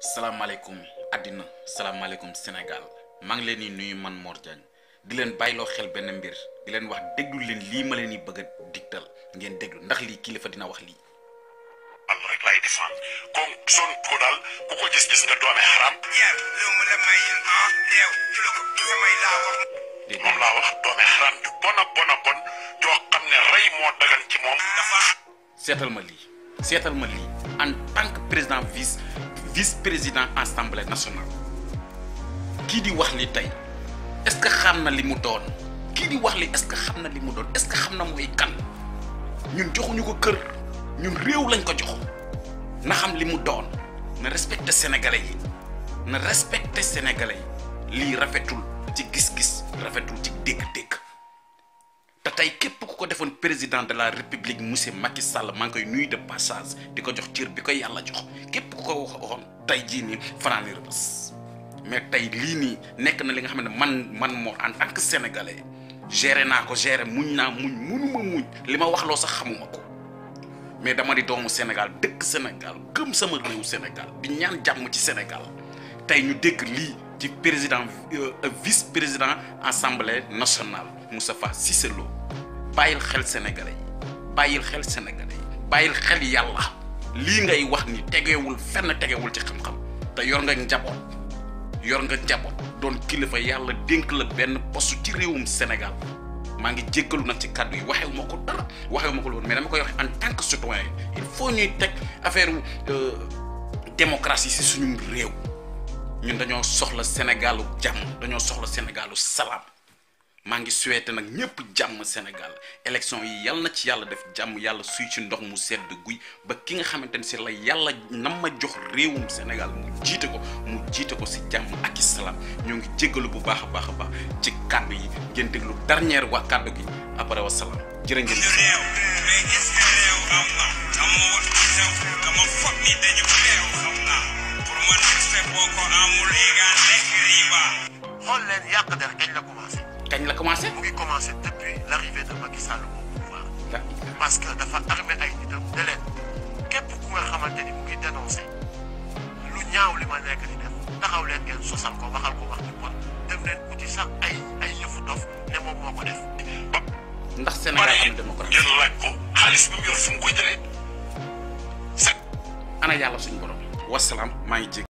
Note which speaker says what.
Speaker 1: salaamaaleykum àddina salaamaaleykum Sénégal maa ngi leen di nuyu man Mor di leen bàyyiloo xel benn mbir di leen wax déglu leen lii ma leen di bëgg a ngeen déglu ndax lii kilifa dina wax lii. am rek moom laa wax doome xaram ju bon a bon a bon joo xam ne rey moo dagan ci moom. seetal ma lii seetal ma lii en tant président vice. gis président assemblée nationale kii di wax ni tey est-ce que xam na li mu doon kii di wax li est-ce que xam na li mu doon est-ce que xam na mooy kan ñun joxuñu ko kër ñun réew lañ ko joxu na xam li mu doon na respecté sénégalais yi na respecté sénégalais yi lii rafetul ci gis-gis rafetul ci dégg-dégg. te tey képp ku ko defoon président de la république monsieur Macky Sall maa ngi koy nuyu de passage di ko jox cër bi ko yàlla jox képp ku ko waxoon tey jii nii fanaan ni rëbës mais tey lii nii nekk na li nga xam ne man man moo en ak que sénégalais géré naa ko géré muñ naa muñ munuma muñ li ma wax loo sax xamuma ko mais dama di doomu Sénégal dëkk Sénégal gëm sama réew Sénégal bi ñaan jàmm ci Sénégal tey ñu dégg lii. ci président euh, vice président assemblée nationale Moustapha Cissé Lo bàyyil xel sénégalais yi bàyyil xel sénégalais yi bàyyil xel yàlla lii ngay wax ni tegewul fenn tegewul ci xam-xam te yor nga njaboot yor nga njaboot doon kilifa yàlla dénk la benn poste ci réewum Sénégal maa ngi jéggalu nag ci kàddu yi waxewu ma ko dara waxewu ma ko loolu mais dama koy wax en tant que citoyen il faut ñuy teg affaire euh, démocratie si suñu réew. ñun dañoo soxla Sénégalu jàmm dañoo soxla Sénégalu salaam maa ngi souhaité nag ñépp jàmm Sénégal élection yi yal na ci yàlla def jàmm yàlla suy ci ndox mu sedd guy ba ki nga xamante ni si la yàlla nama jox réewum Sénégal mu jiite ko mu ko si jàmm ak i salaam ñoo ngi jéggalu bu baax a baax a baax ci kàddu yi ngeen déglu dernière waa kàddu gi après wa salaam jërë ngeen. ko amul éga
Speaker 2: nekk riba. xool leen yàq der kañ la commencé. kañ la commencé. mu ngi commencé depuis l' de Macky Sall au pouvoir. parce que dafa armé mu ngi dénoncé lu ñaaw li ma nekk di def taxaw leen ngeen sosal ko waxal ko wax ci bon dem leen uti sax ay ay yëfu dof ne moom moo ko def.
Speaker 1: ndax Sénégal am démocratie ngeen laaj
Speaker 2: ko xaalis bi mu yor fu mu ko jëlee. ana yàlla suñu ngi jégg